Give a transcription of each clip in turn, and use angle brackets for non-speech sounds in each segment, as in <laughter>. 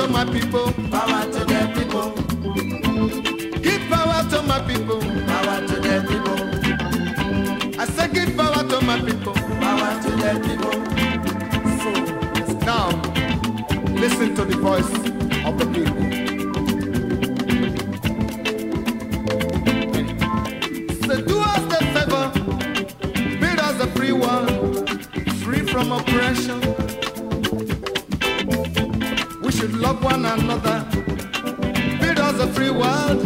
to my people. Power to their people. Give power to my people. Power to their people. I say give power to my people. Power to their people. So now, listen to the voice. world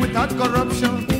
without corruption.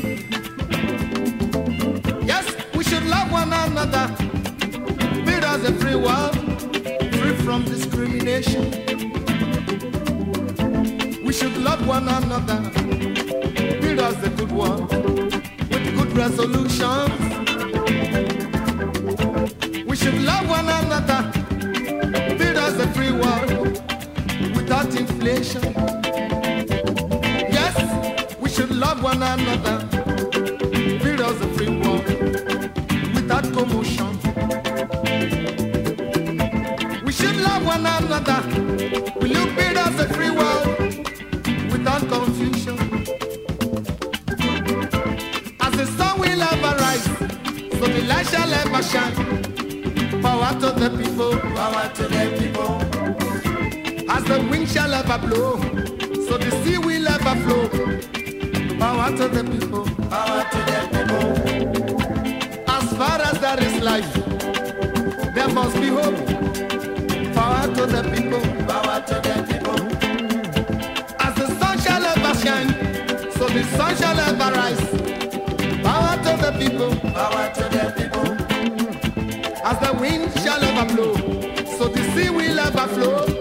As the wind shall ever blow, so the sea will ever flow.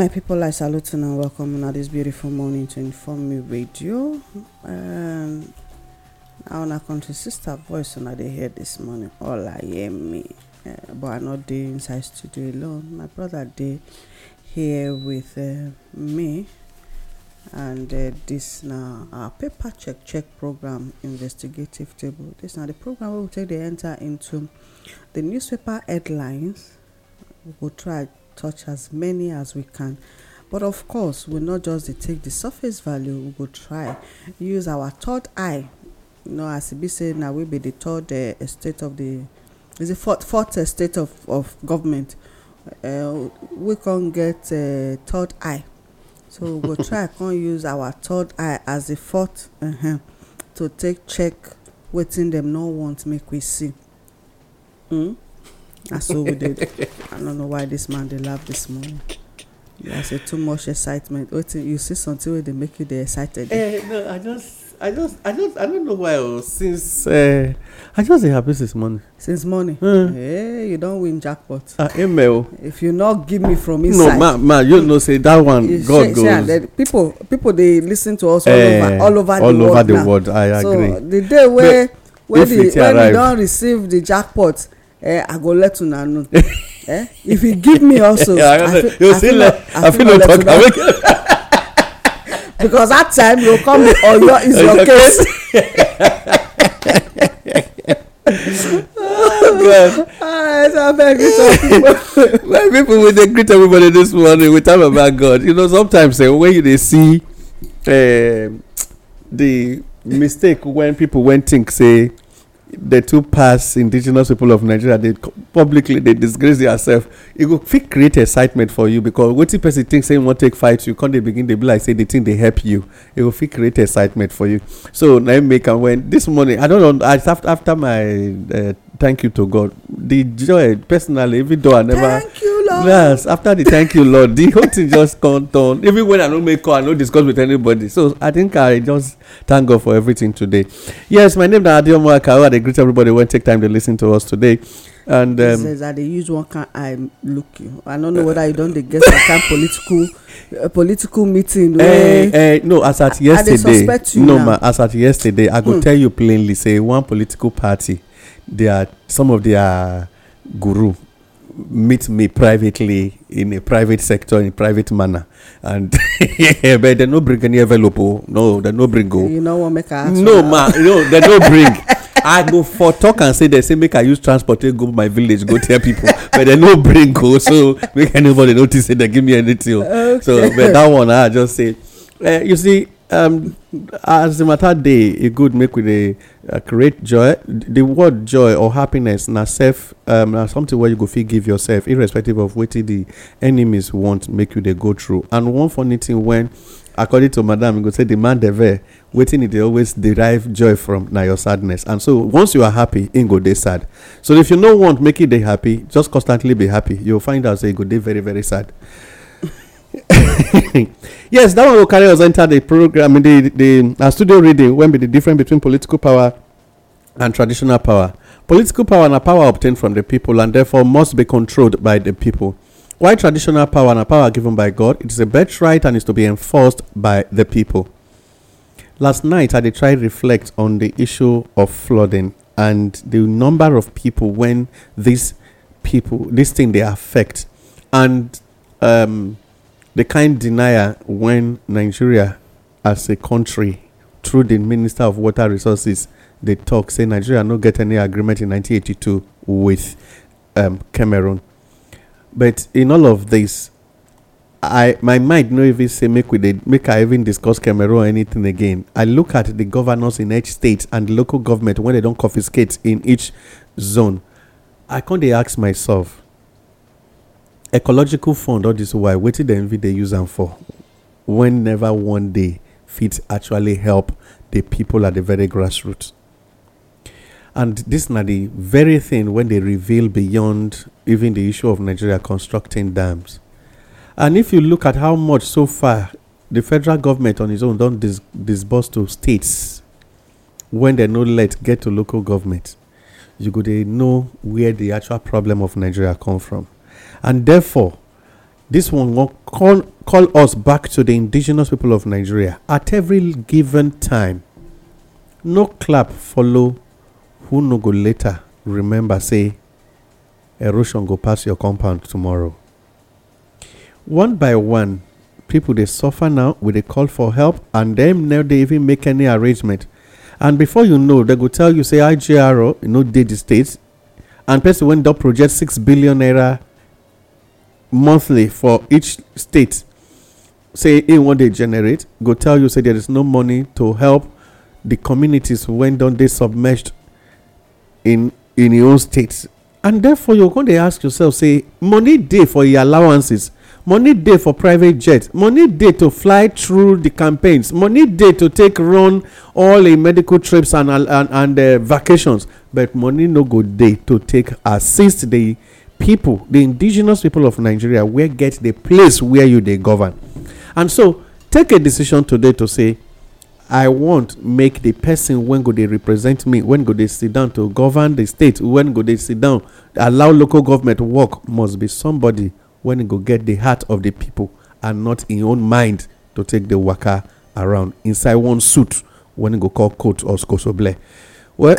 My people, I salute and welcome on this beautiful morning to Inform Me Radio. Um, now, na country sister voice on they hear this morning. All I hear me, uh, but I'm not there inside studio alone. My brother they here with uh, me, and uh, this now our paper check check program investigative table. This now the program we will take the enter into the newspaper headlines. We will try touch as many as we can but of course we not just take the surface value we go try use our third eye you know as e be say na we be the third uh, state of the is the fourth fourth eh, state of of government uh, we come get uh, third eye so we try <laughs> come use our third eye as a fourth uh -huh, to take check within them. no want make we see. Mm? And so we did. I don't know why this man they laugh this morning. I say too much excitement. Wait till you see something where they make you they excited. Eh, no, I just, I just, I just, I don't know why. Oh, since uh, I just dey happy since morning. Since morning. Mm. Hey, eh, you don win jackpot. Ah, email. Oh. If you not give me from inside. No, ma, ma, you know say that one. God share, goes. Share, then people, people they listen to us all eh, over, all over all the all world over the world. I so agree. the day where, no, the when you don receive the jackpot. Eh, i go let una know <laughs> eh if you give me also i feel. no talk am again <laughs> because that time you come with your <laughs> is your case oh, god well ah, people we dey greet everybody this morning we talk about god you know sometimes eh, when you dey see eh, the mistake when people wen think say the two past indigenous people of nigeria they publicly they disgrace theirself It will fit create excitement for you because what wetin person thinks, say im wan take fight you come they begin dey be like say they think they help you It will fit create excitement for you so na im make am when this morning i don't know after after my eh, thank you to god the joy personally even though i never thank you lord yes after the thank you lord the whole thing just come turn even when i no make call i no discuss with anybody so i think i just thank god for everything today yes my name na adeomo akaro i dey greet everybody wey take time to lis ten to us today and um, says i dey use one kind eye look you i no know whether you don dey get some kind political uh, political meeting eh, wey eh no as at yesterday no ma as at yesterday i go hmm. tell you plainly say one political party their some of their guru meet me privately in a private sector in a private manner and <laughs> but they no bring any envelope oh no they no bring oh you know what make i no ma no they no bring <laughs> i go for talk and say they say make i use transport go my village go tell people but they no bring oh so make anybody notice say they give me anything okay. Oh. so but that one i just say uh, you see um, as the matter dey e good make we dey uh, create joy the word joy or happiness na self um, na something wey you go fit give yourself irrespective of wetin the enemies want make you dey go through and one funny thing when according to madam you e go say the man devil wetin e dey always derive joy from na your sadness and so once you are happy im go dey sad so if you no want make e dey happy just constantly be happy you go find out say e go dey very very sad <laughs> yes, that one carry was entered the program, I mean, the, the uh, studio reading when be the difference between political power and traditional power. Political power and power obtained from the people and therefore must be controlled by the people. Why traditional power and power given by God, it is a birthright and is to be enforced by the people. Last night, I did try reflect on the issue of flooding and the number of people when these people, this thing they affect. And um, the kind denier when Nigeria as a country through the Minister of Water Resources they talk say Nigeria no get any agreement in 1982 with um, Cameroon. But in all of this, I my mind no even say make we they, make I even discuss Cameroon or anything again. I look at the governors in each state and local government when they don't confiscate in each zone. I can't ask myself, ecological fund all this why wetin the envy they use them for when never one day fit actually help the people at the very grassroots and this na the very thing when they reveal beyond even the issue of nigeria constructing dams and if you look at how much so far the federal government on its own do dis disburse to states when they no let get to local government you go know where the actual problem of nigeria come from and therefore, this one will call, call us back to the indigenous people of Nigeria at every given time. No clap follow who no go later. Remember, say, erosion go pass your compound tomorrow. One by one, people they suffer now with a call for help, and them never they even make any arrangement. And before you know, they go tell you, say, IGRO, you know, did the states, and person went up project six billion naira monthly for each state say in what they generate go tell you say there is no money to help the communities when don't they submerged in in your own and therefore you're going to ask yourself say money day for your allowances money day for private jets money day to fly through the campaigns money day to take run all the medical trips and and, and uh, vacations but money no go day to take assist the people, the indigenous people of Nigeria, where get the place where you they govern. And so take a decision today to say, I want make the person when go they represent me, when go they sit down to govern the state, when go they sit down, allow local government work must be somebody when go get the heart of the people and not in own mind to take the worker around inside one suit when go call coat or scosoble. Well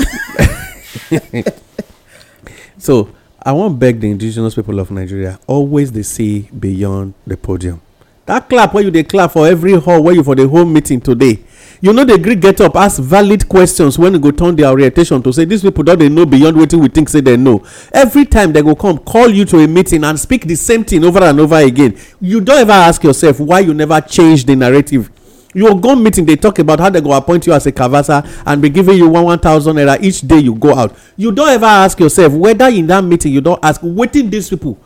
<laughs> so I want beg the indigenous people of Nigeria always they see beyond the podium. That clap where you they clap for every hall where you for the whole meeting today. You know the Greek get up ask valid questions when you e go turn their orientation to say these people don't they know beyond what we think say they know. Every time they go come call you to a meeting and speak the same thing over and over again. You don't ever ask yourself why you never change the narrative Your go meeting dey talk about how dem go appoint you as a kavasa and be giving you one one thousand naira each day you go out you don ever ask yourself whether in that meeting you don ask wetin these people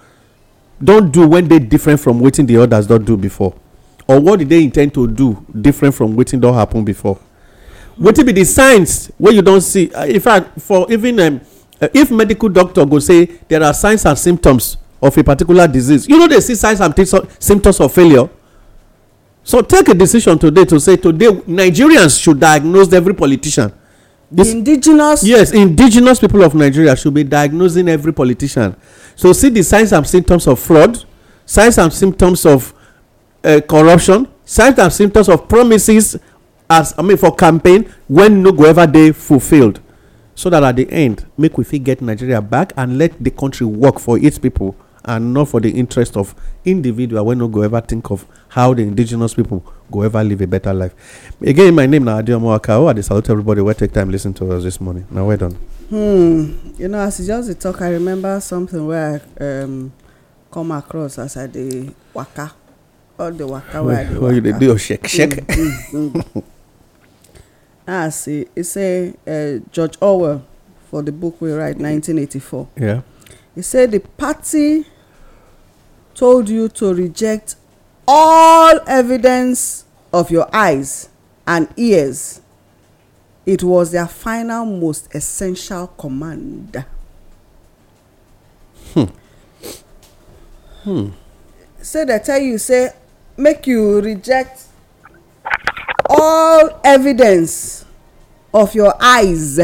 don do when dey different from wetin the others don do before or what did they intend to do different from wetin don happen before wetin be the signs wey you don see uh, in fact for even um, uh, if medical doctor go say there are signs and symptoms of a particular disease you no dey see signs and symptoms of failure so take a decision today to say today nigerians should diagnose every politician this, indigenous yes indigenous people of nigeria should be diagnosing every politician so see the signs and symptoms of fraud signs and symptoms of uh, corruption signs and symptoms of promises as i mean for campaign when no go ever dey fulfilled so that at the end make we fit get nigeria back and let the country work for its people and not for the interest of individual wey no go ever think of how the indigenous people go ever live a better life again my name na adeomo akao oh, i dey salute everybody wey take time lis ten to us this morning na well done. hmm you know as you just dey talk i remember something wey i um, come across as i dey waka all the waka wey i dey waka. you dey do your shake mm, shake. Mm, mm. ah see e say uh, george orwell for the book we write 1984 yeah. he say the party told you to reject all evidence of your eyes and ears. It was their final, most essential command. Hmm. Hmm. Say so they tell you, say, make you reject all evidence of your eyes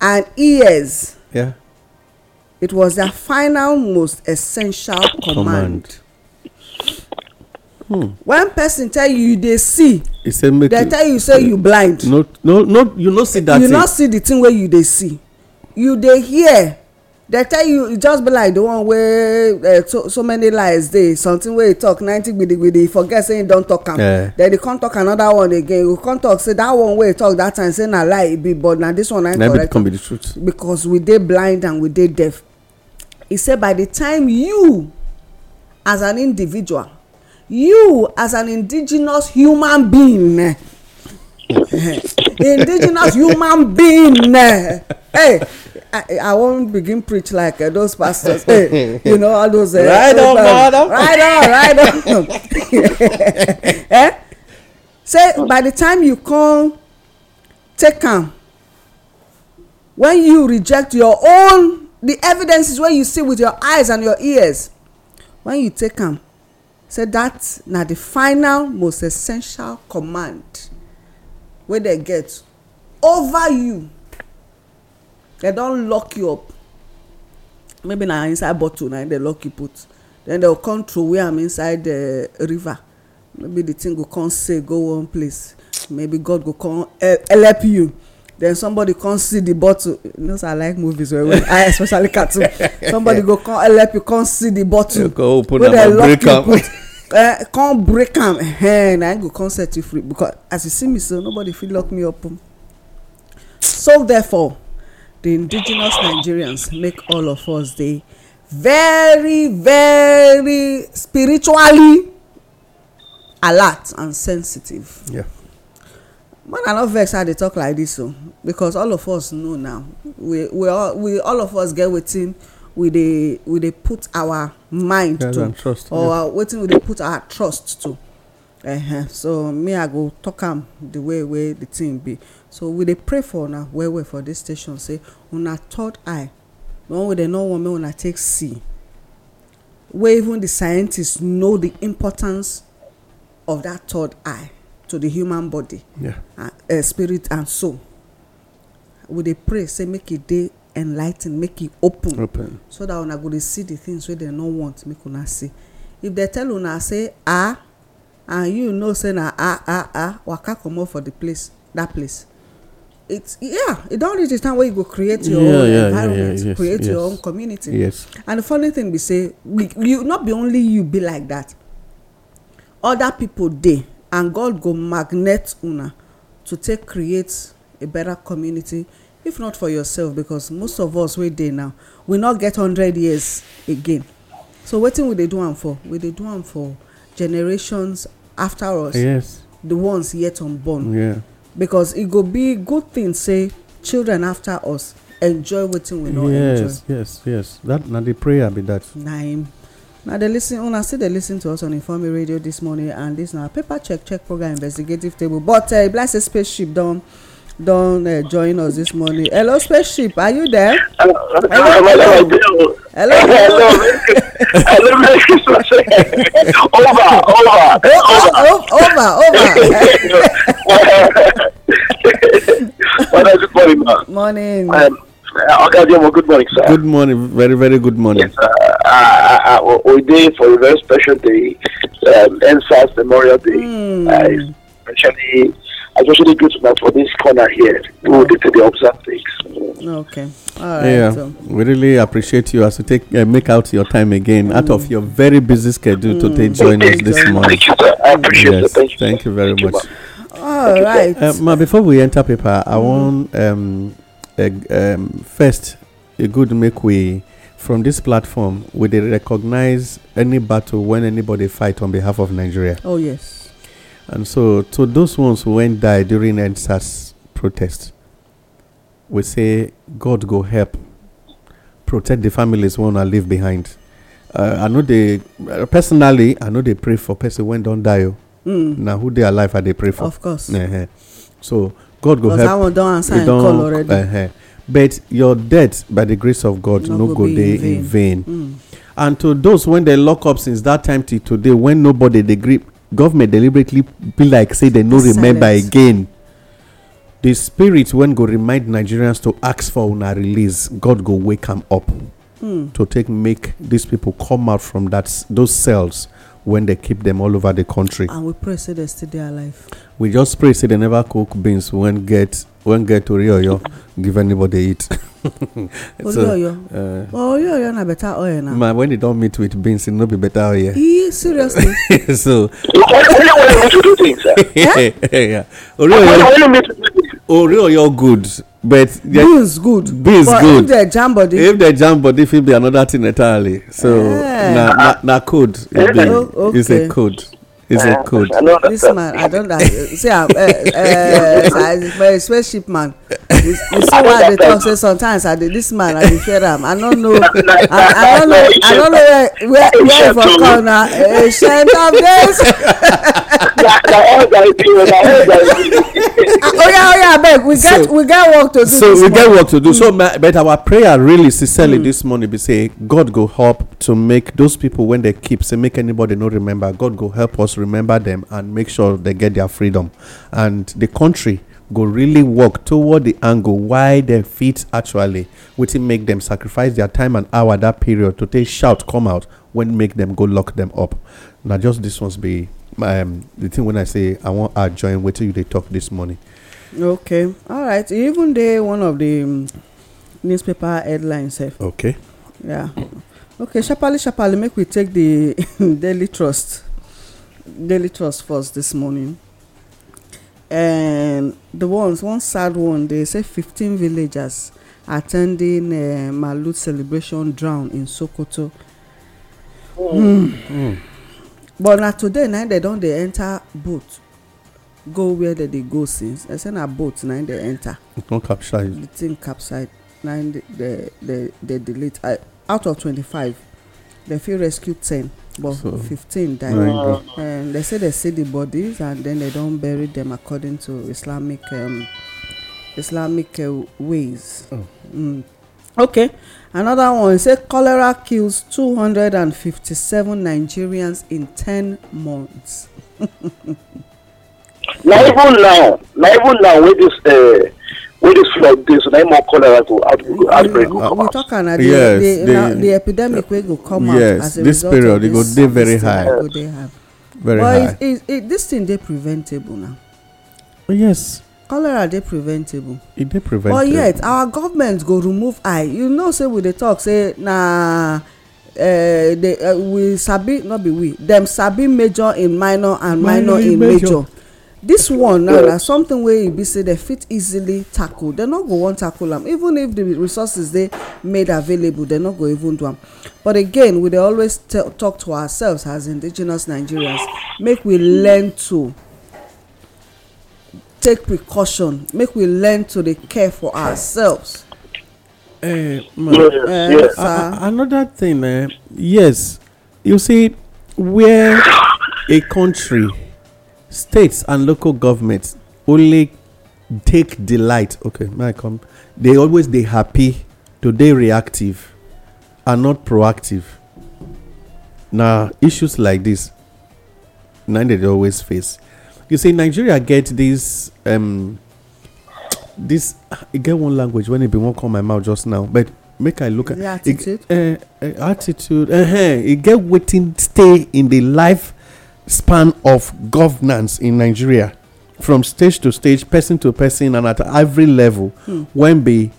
and ears. Yeah. It was their final, most essential command. command. Hmm. When person tell you you dey see, he say make they tell you say you blind. No, no, no, you no see that. You no see the thing wey you dey see. You dey hear. They tell you e just be like the one wey uh, eh, so, so many lies dey something wey he talk ninety gbidigbidi he forget say he don talk am. Yeah. Then he come talk another one again. He come talk say that one wey he talk that time say na lie e be but na this one na correct. Na be the truth. Because we dey blind and we dey deaf he said by the time you as an individual you as an indigenous human being <laughs> indigenous human being <laughs> hey I, I won't begin preach like uh, those pastors. Hey, you know all those. Uh, right on, uh, <laughs> right on, right on. eh? Say by the time you come, take am. When you reject your own the evidence is wey you see with your eyes and your ears when you take am say that na the final most essential command wey dem get over you dem don lock you up maybe na inside bottle na dem lock you put then dem go come throway am inside the river maybe the thing go come sail go one place maybe god go come eh, help you then somebody come see the bottle you know say i like movies well well i especially cartoon <laughs> somebody go come help you come see the bottle wey dem lock you put uh, <laughs> come break am and i go come set you free because as you see me so nobody fit lock me up oh. so therefore the indigenous nigerians make all of us dey very very spiritually alert and sensitive. Yeah. man i no vex i dey talk like this o oh because all of us know now we we all we all of us get wetin we dey we dey put our mind yes, to trust, or yeah. wetin we dey put our trust to uh -huh. so me i go talk am the way wey the thing be so we dey pray for una well well for this station say una third eye the one wey dem no want make una take see wey even the scientists know the importance of that third eye to the human body yeah. uh, uh, spirit and soul we dey pray say make e dey enlighthened make e open open so that una go dey see the things wey dem no want make una see if dem tell una say ah and you know say na ah ah ah waka comot for the place that place it's yeah e don reach the time wey you go create your own environment create your own community yes and the funny thing be say we you not be only you be like that other people dey and god go magnet una to take create a better community if not for yourself because most of us wey dey now we no get hundred years again so wetin we dey do am for we dey do am for generations after us yes the ones yet unborn yeah because e go be good thing say children after us enjoy wetin we no enjoy yes yes yes that na the prayer be that na im na dey lis ten una still dey lis ten to us on informe radio this morning and this na paper check check program investigative table but uh, e be like say spaceship don. don eh, join us this morning hello spaceship are you there hello hello hello hello. <laughs> over over oh, oh, oh, over over good <laughs> morning morning um, uh, Oga good morning, sir. Good morning, very, very good morning. Yes, uh, uh, uh, uh we day for a very special day, um, NSAS Memorial Day, mm. uh, especially especially good for this corner here, get to the observe things. Okay. All right. Yeah. So. We really appreciate you as you take uh, make out your time again mm. out of your very busy schedule mm. to take join us this morning. Thank you, sir. I appreciate yes. it. Thank you. Thank you very Thank much. You, All Thank right. You, uh, ma, before we enter paper, I mm. want um, um, first a good make way from this platform. We recognize any battle when anybody fight on behalf of Nigeria. Oh yes and so, to those ones who went die during NSAS protest, we say, God go help, protect the families wanna leave behind. Uh, I know they personally, I know they pray for person when don't die. Oh. Mm. Now who they are alive, are they pray for? Of course. Uh-huh. So God go help. That one don't answer and don't, call already. Uh-huh. But your death, by the grace of God, no, no go in vain. In vain. Mm. And to those when they lock up since that time till today, when nobody they grip government deliberately be like say they no remember again The spirit wen go remind nigerians to ask for una release god go wake am up hmm. to take make these people come out from that those cells when they keep them all over the country. And we pray say they still there alive. We just pray say they never cook beans when get when get to Rioyo give anybody eat. <laughs> Orioyo. so, uh, oh, Orioyo na better oil now. Man, when they don't meet with beans, it no be better oil. Yeah, seriously. <laughs> so. you meet with beans, When you meet with oreo good but beans good beans but good if dem jam body if dem jam body fit be another thing entirely so na na code e be oh, it's a code it's a code this man i don see am eh, eh, my spaceship man you see why i dey talk say sometimes i dey this man i dey fear am i no know <laughs> i no know i no know where where where for corner a shade of days. Oh yeah, oh yeah, abeg we get we get work to do so we get work to do so mm. but our prayer really sincerely mm. this morning be say god go help to make those people when they keep say make anybody not remember god go help us remember them and make sure they get their freedom and the country go really work toward the angle why dem fit actually which make them sacrifice their time and hour that period to take shout come out when make them go lock them up Now just this ones be um, the thing when I say I want to join, wait till you they talk this morning. Okay, all right. Even the one of the um, newspaper headlines. Sef. Eh? Okay. Yeah. Okay, sharply, sharply, make we take the <laughs> Daily Trust, Daily Trust first this morning. And the ones, one sad one, they say fifteen villagers attending uh, Malut celebration drown in Sokoto. Mm. Mm but na today na dem don dey enter boat go where dem dey go since dem say na boat na dem enter it don capsize the thing capsize na dem dey delete out of twenty-five dem fit rescue ten but fifteen die um, dem say dem see the bodies and then dem don bury dem according to islamic um, islamic uh, ways oh. mm. okay Another one say cholera kills 257 Nigerians in 10 months. <laughs> na even now na even now wey dis uh, wey dis flood dey so na im more cholera go outbreak uh, go come out. we talk am na the yes, the, the, the epidemic wey go come yes, out as a result period, of this this period e go dey very high very high but this thing dey preventable now. yes cholera dey preventable e dey preventable but yet our government go remove eye you know say we dey talk say na eh, eh, we sabi not be we dem sabi major in minor and minor in major this one now na something wey e be say dem fit easily tackle dem no go wan tackle am even if the resources dey made available dem no go even do am but again we dey always talk to ourselves as indigenous nigerians make we learn to take precaution make we learn to dey care for ourselves. Uh, ma, yes, uh, yes. Uh, another thing uh, yes you see where a country states and local governments only take delight okay may i come they always dey happy today reactive and not proactive na issues like this na they dey always face you see nigeria get this um this e get one language when e bin wan come my mouth just now but make i look at attitude uh, attitude uh-huh. get wetin stay in the life span of governance in nigeria from stage to stage person to person and at every level hmm. when be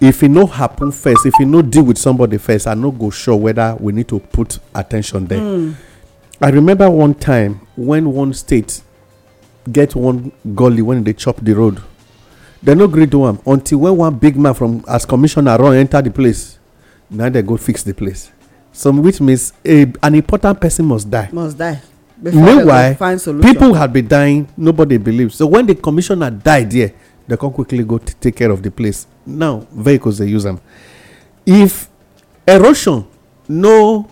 if e no happen first if e no deal with somebody first i no go sure whether we need to put attention there hmm. i remember one time when one state get one gully when they chop the road They no gree do am until when one big man from as commissioner run enter the place na dem go fix the place so which means a an important person must die must die meanwhile people had been dying nobody believe so when the commissioner die there they come quickly go take care of the place now vehicles dey use am if erosion no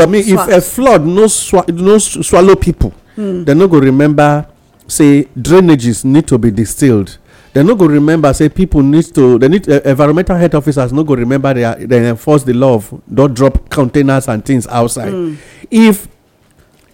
i mean if a flood no swa, no swallow people hmm. They no go remember say drainages need to be distilled They no go remember say people need to They need eh, environmental health officers no go remember They they enforce the law of don drop containers and things outside hmm. if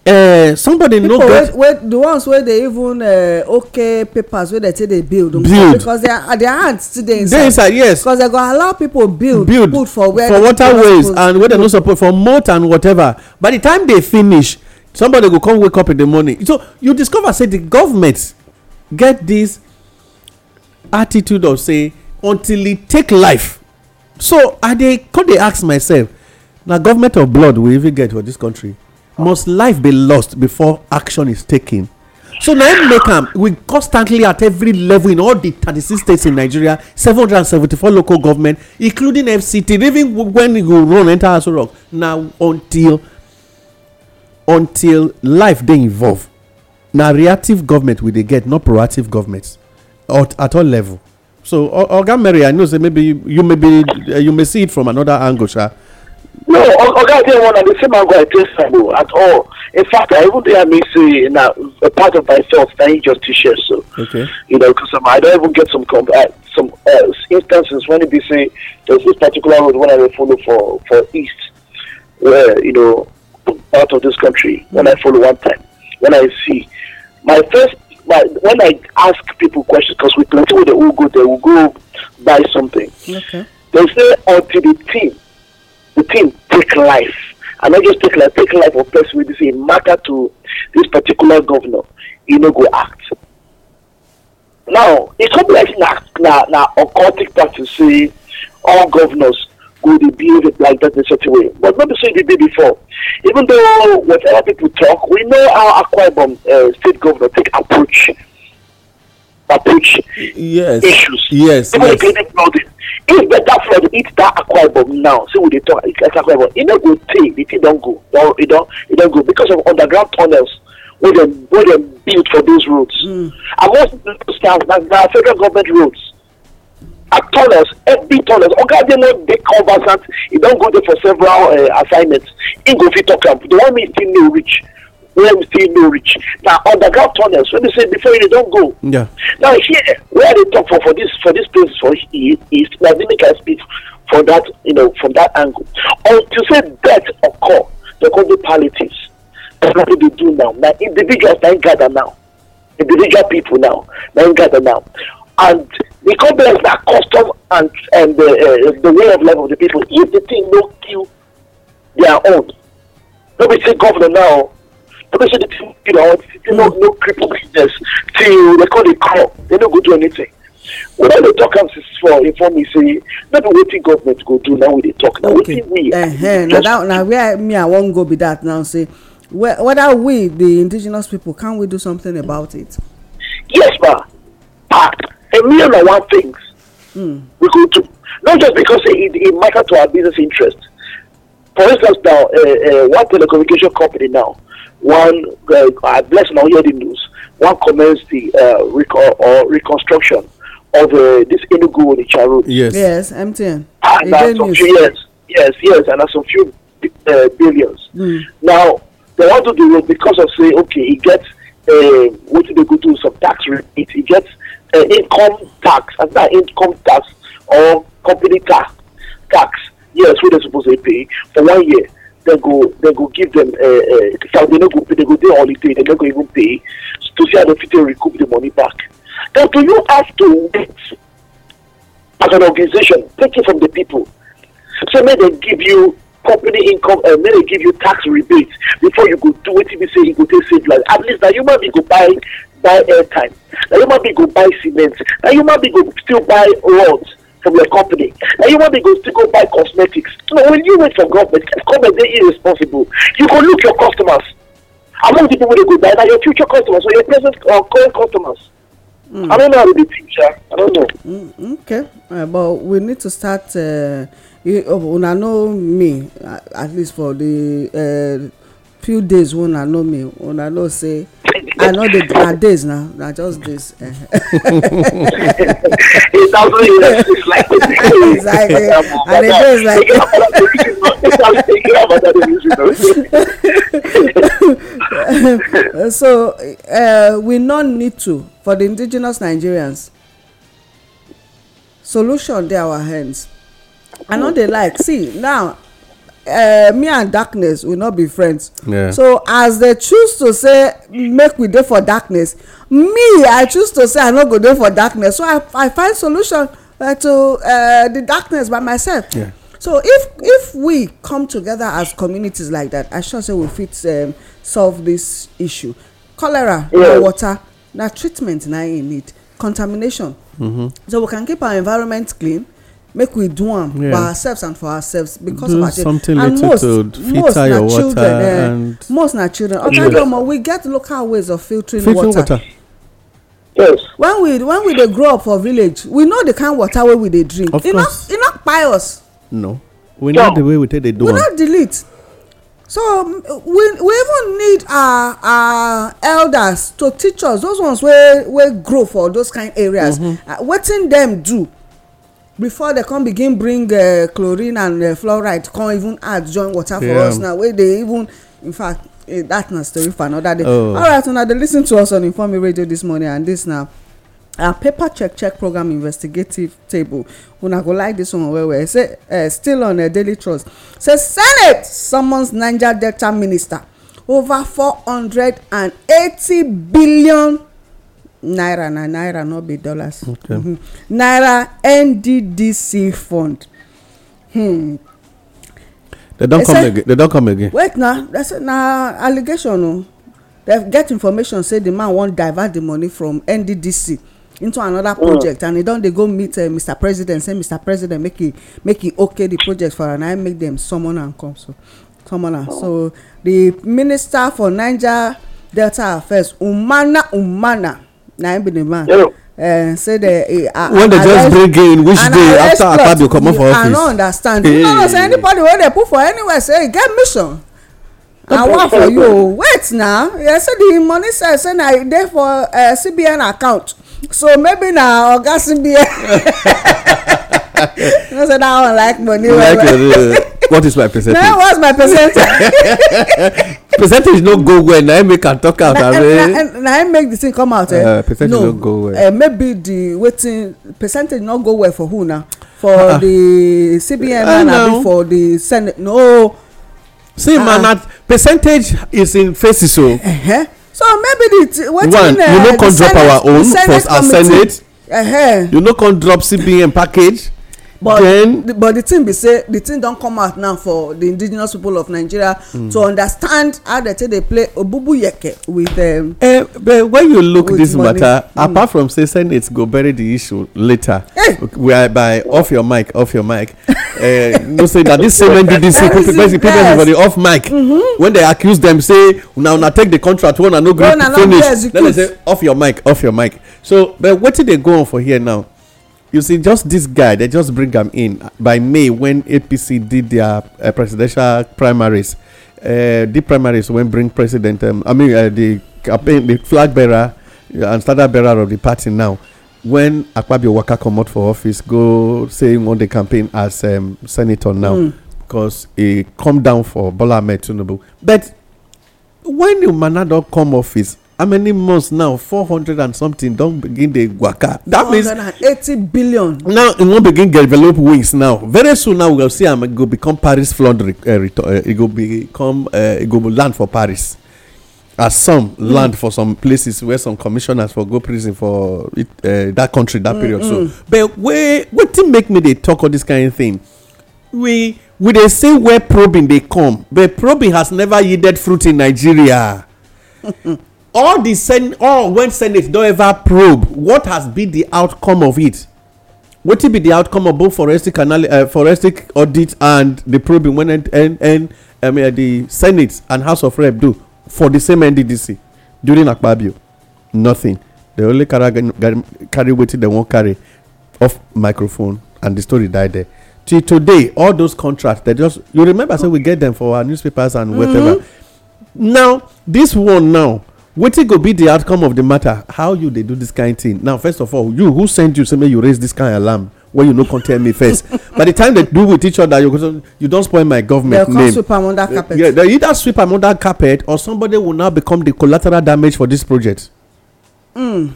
uh, somebody no get pipo the ones wey dey even eh, okay papers wey dem say dey build build because ah, their hands still dey inside dey inside yes because they go allow people build put for where for waterways and where dem no support for moat and whatever by the time they finish somebody go come wake up in the morning so you discover say the government get this attitude of say until e take life so i dey come dey ask myself na government of blood we even get for this country must life be lost before action is taken so na im make am we constantly at every level in all di 36 states in nigeria 774 local government including fct even when e run enta aso rock na until until life they involve Now reactive government we they get not proactive governments, at all level so oga mary i know say maybe you maybe you may see it from another angle sir. no oga i dey one the same angle i dey sabo at all in fact i even dey admit say a part of myself na him just to share so Okay. you know because i don't even get some uh, some uh, instances when you be say there's this particular road wey i dey follow for for east where you know out of this country when I follow one time, when I see. My first, my, when I ask people questions, because we plenty with the who go they will go buy something. Okay. They say until the team, the team take life. And not just take life, take life of person with this matter to this particular governor, you know, go act. Now, it's not like now now. na occultic practice, say, all governors go they behave like that in such a way. But not the same they did before. Even though whatever people talk, we know how Akwa Ibom uh, state governor take approach approach yes. issues. Yes. Even yes. flooding. If better flood eat that Akwa Ibom now, see what they talk it's like Akwa Ibom. It not go take, the don't go. Or it don't it don't go because of underground tunnels where them where them built for those roads. Mm. And most of those now, now federal government roads at tunnels every tunnels oga ademo dey conversant e don go there for several uh, assignments im go fit talk am the one wey still no reach wey still no reach na underground tunnels wey be say before you don go. Yeah. now here where i dey talk for for this for this place for east na the make i speak for that you know from that angle until say death occur dem come dey palliatives that's what they dey do now na individuals na gather now individual people now na gather now and the complex are custom and and the uh, the way of life of the people if the thing no kill their own no be say governor now no be say the thing kill their own the thing no no cripple business till they come dey call they no go do anything we don dey talk am since for inform me say no be wetin government go do now we dey talk now na wetin we. na that na where me i wan go be that now say whether we the indigenous people can we do something about it. yes ma ah a million and one things mm. we could do, not just because it, it matters to our business interest. For instance, now, uh, uh, one telecommunication company now, one, uh, I bless now hear the news, one commenced the uh, reco- or reconstruction of uh, this Enugu Onitsha road. Yes. Yes, MTN. And ah, that's some few years. Yes, yes, and that's some few uh, billions. Mm. Now, they want to do it because of say, okay, it gets uh, what they go do some tax rebate e gets uh, eh, income tax i think income tax or company tax tax yes what dem supposed to pay for one year They go they go give them. uh, uh, they no go pay they go dey holiday they not go even pay to see how they fit recoup the money back now do you have to wait as an organization take it from the people so may they give you company income and make dem give you tax rebate before you go do wetin be say you go take save life at least na human being go buy buy airtime na human being go buy cement na human being go still buy rods from your company na human being go still go buy cosmetics no when you wait for government government dey irresponsible you go look your customers among the people wey go buy, na your future customers or your present or uh, current customers. Mm. I don't know how to teach, I don't know. Mm, okay, uh, but we need to start uh, Oh, una know me at least for the eh, few days wey una know me una know say i know the na days na na just days. it doesn't even it's like exactly eh, and it goes like. so uh, we no need to for the indigenous nigerians solution dey our hands i no dey like see now eh, me and darkness we no be friends so as they choose to say make we dey for darkness me i choose to say i no go dey for darkness so i i find solution eh, to eh, the darkness by myself so if if we come together as communities like that i sure say we fit um, solve this issue cholera no water na treatment na e need contamination mm-hmm. so we can keep our environment clean make we do am for ourselves and for ourselves because do of our children and most most na children most na children oga we get local ways of filtering water yes when we when we dey grow up for village we know the kind water wey we dey drink e no e no us. no we know the way we take dey do am we no delete so we we even need our our elders to teach us those ones wey wey grow for those kind areas mm-hmm. uh, wetin dem do before they come begin bring uh, chlorine and uh, fluoride come even add join water for us now wey dey even in fact eh, that na story for another day oh. right, una dey listen to us on informe radio this morning and this na our paper check check program investigative table una go like this one well well say uh, still on daily trust say senate summons niger delta minister over four hundred and eighty billion naira na naira no be dollars Okay. Mhm. naira nddc fund hmm they don come again they don come again wait na na allegation o dem get information say di man wan divert di money from nddc into another hmm. project and e don dey go meet eh, mr president say mr president make e make e okay the project for and i make dem summon am come so summon am so the minister for niger delta affairs umana umana na im be the man uh, say the uh, when they just bring in which day after akpabio comot for office i no understand you know say anybody wey dey put for anywhere say e get mission i work for you o wait na yeah, say the money sef say na e dey for uh, eh, cbn account so maybe na oga cbn <laughs> no say that one like money well well. <laughs> what is my percentage na what's my percentage <laughs> percentage no go well Now im make am talk out abi na im make the thing come out eh uh, percentage no go well eh, maybe the waiting percentage not go well for who now? for ah, ah. the cbn and for the senate no see man that ah, percentage is in faces o oh. uh-huh. so maybe the wetin uh, you no uh, can drop our own for our senate uh-huh. you no can drop cbn package but then but the thing be say the thing don come out now for the indigenous people of nigeria mm. to understand how they take dey play obubuyeke with. Um, eh but when you look this money. matter mm. apart from say senate go bury the issue later hey. Eh. whereby off your mic off your mic uh, no say na this same <laughs> nddc people people for the off mic mm -hmm. when they accuse them say una una take the contract wey una no gree finish then they say off your mic off your mic so but wetin dey go on for here now you see just this guy They just bring am in by may when apc did dia uh, presidential primaries uh, the primaries wen bring president um, i mean uh, the campaign the flag bearer and standard bearer of the party now when akpabio waka comot for office go say im wan dey campaign as um, senator now hmm. because he come down for bola ahmed tinubu but when di manna come office how many months now four hundred and something don begin dey waka that means four hundred and eighty billion now e wan begin develop wings now very soon now we go see am e go become paris flood eh, return eh, e go become eh, e go land for paris as some hmm. land for some places where some commissioners for go prison for that country that hmm, period so hmm. but wetin make me dey talk all this kind of thing we we dey say where probing dey come but probing has never yielded fruit in nigeria <laughs> all the sen all when senate don ever probe what has been the outcome of it wetin be the outcome of both forensic anal uh, forensic audit and the probing when n n n i mean uh, the senate and house of rep do for the same nddc during akpabio nothing they only carry carry wetin dem wan carry off microphone and the story die there till today all those contracts they just you remember say we get them for our newspapers and mm -hmm. whatever mm-hmm. now this one now wetin go be the outcome of the matter how you dey do this kind thing now first of all you who send you say make you raise this kind alarm wey you no come tell me first <laughs> by the time they do with each other you you don spoil my government name sweep am under eh, carpet yeah they either sweep am under carpet or somebody will now become the collateral damage for this project mm.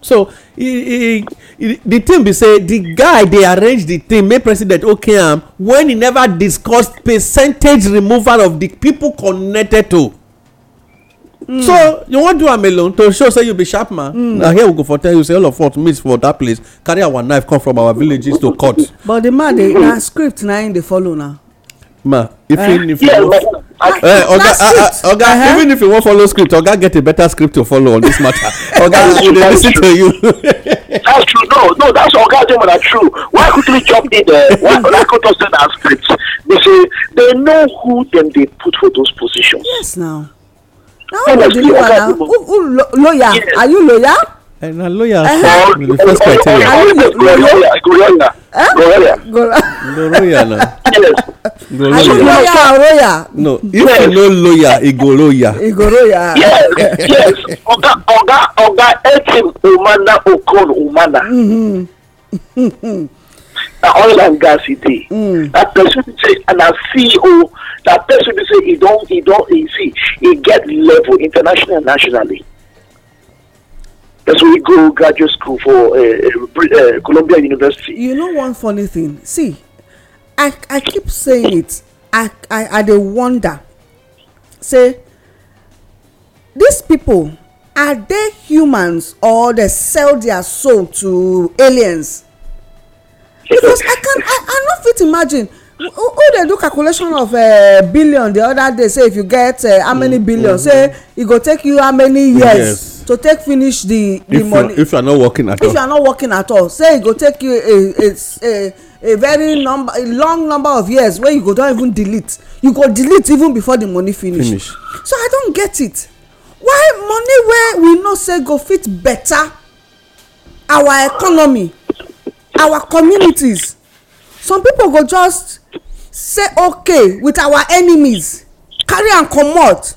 so e e the thing be say the guy dey arrange the thing make president okay am when e never discuss percentage removal of the people connected to Mm. so you want to do am alone to show say you be sharp man mm. Now here we go for tell you say all of us meet for that place carry our knife come from our villages to cut but the man dey na script now in the follow now. ma if you if you ah, eh, oga ah, ah, uh-huh. even if you wan follow script oga get a better script to follow on this matter <laughs> oga we dey listen to you that's true no no that's oga jimoh na true why quickly jump in there why why cut us down our script they say they know who dem dey put for those positions yes now how would you deliver now who who lawyer yes. are you lawyer. Uh, na lawyer uh -huh. be the first criteria. are you lo lawyer lawyer go lawyer. go na. yes. go are you lawyer no if yes. you no lawyer e go lawyer. e lawyer. yes yes oga oga oga etim umana okon umana. Mm -hmm. na oil and gas e dey. Mm. na person say na ceo that person be say he don he don e see he get level international and nationally that's why e go graduate school for uh, uh, uh, columbia university you know one funny thing see i i keep saying it i i i dey wonder say these people are they humans or they sell their soul to aliens because i can i i no fit imagine who dey do calculation of eh, billion the other day say if you get eh, how many mm, billion mm, say e go take you how many years to take finish the the money if you are not working at all if you are not working at all say e go take you a a a very number a long number of years wey you go don even delete you go delete even before the money finish so i don get it why money wey we know say go fit better our economy our communities some people go just say okay with our enemies carry am comot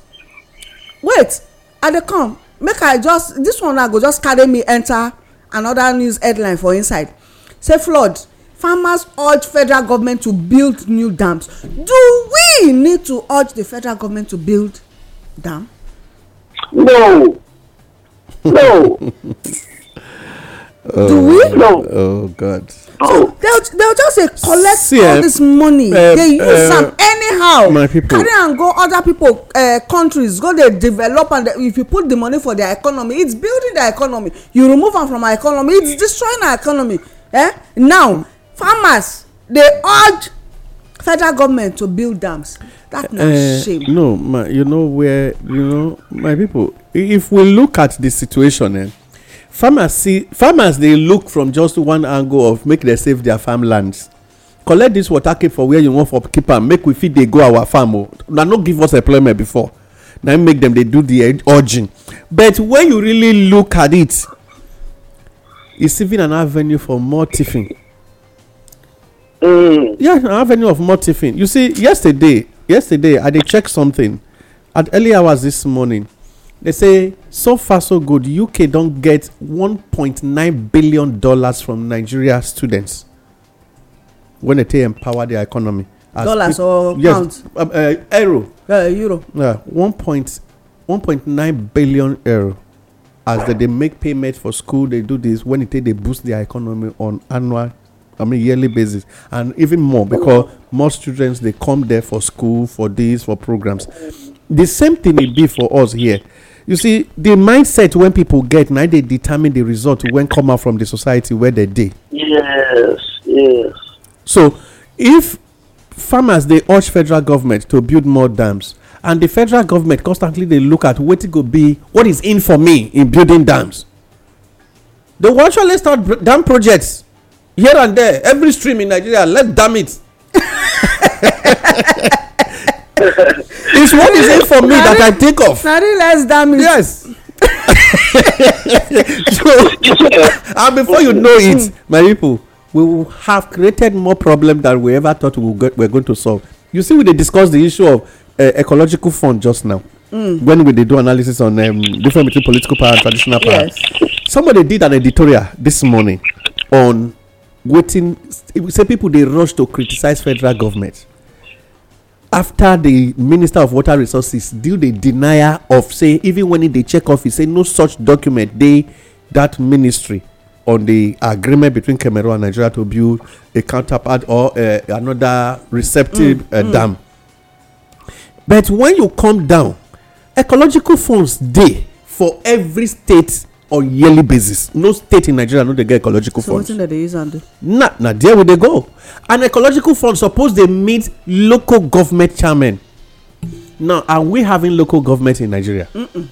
wait i dey come make i just this one na go just carry me enter another news headline for inside say flood farmers urge federal government to build new dams do we need to urge the federal government to build dam. no no <laughs> Oh, do we? No. Oh God. Oh. So they they'll just say collect See, all this money. Uh, they use uh, some anyhow. My people. Carry and go other people uh, countries go dey develop and they, if you put the money for their economy it's building their economy. You remove am from our economy it's destroying our economy. Eh? Now farmers dey urge federal government to build dams. That na uh, shame. No, my, you know where you know my people if we look at the situation. Eh, farmers see farmers dey look from just one angle of make dem save their farmlands collect this water keep for where you wan for keep am make we fit dey go our farm o oh. na no give us employment before na im make dem dey do the urging but when you really look at it it's even an avenue for more tiffin mm. yeah an avenue of more tiffin you see yesterday yesterday i dey check something at early hours this morning they say so far so good uk don get 1.9 billion dollars from nigeria students when they take empower their economy. As dollars or yes, pounds. Uh, uh, euro. Uh, euro. Yeah, one point one point nine billion euro. As they, they make payments for school, they do this when it take they boost their economy on annual, I mean yearly basis, and even more because most students they come there for school for this for programs. The same thing it be for us here you see the mindset when people get now they determine the result when come out from the society where they dey. yes yes. so if farmers dey urge federal government to build more dams and the federal government constantly dey look at wetin go be what is in for me in building dams they will actually start dam projects here and there every stream in nigeria let dam it. <laughs> it's <laughs> what is it for me that i think of na real less damage yes <laughs> so <laughs> and before you know it my people we have created more problem than we ever thought we were going to solve you see we dey discuss the issue of uh, ecological fund just now mm. when we dey do analysis on um, different between political power and traditional power yes. somebody did an editorial this morning on wetin say people dey rush to criticize federal government after the minister of water resources do di denial of say even when e dey check office say no such document dey that ministry on the agreement between cameroon and nigeria to build a counterpart or eh, another receptive mm, eh, mm. dam but when you come down ecological funds dey for every state on yearly basis no state in nigeria no dey get ecological funds so wetin dem dey use am do na na there we dey go An ecological fund suppose dey meet local government chairman now are we having local government in nigeria. Mm -mm.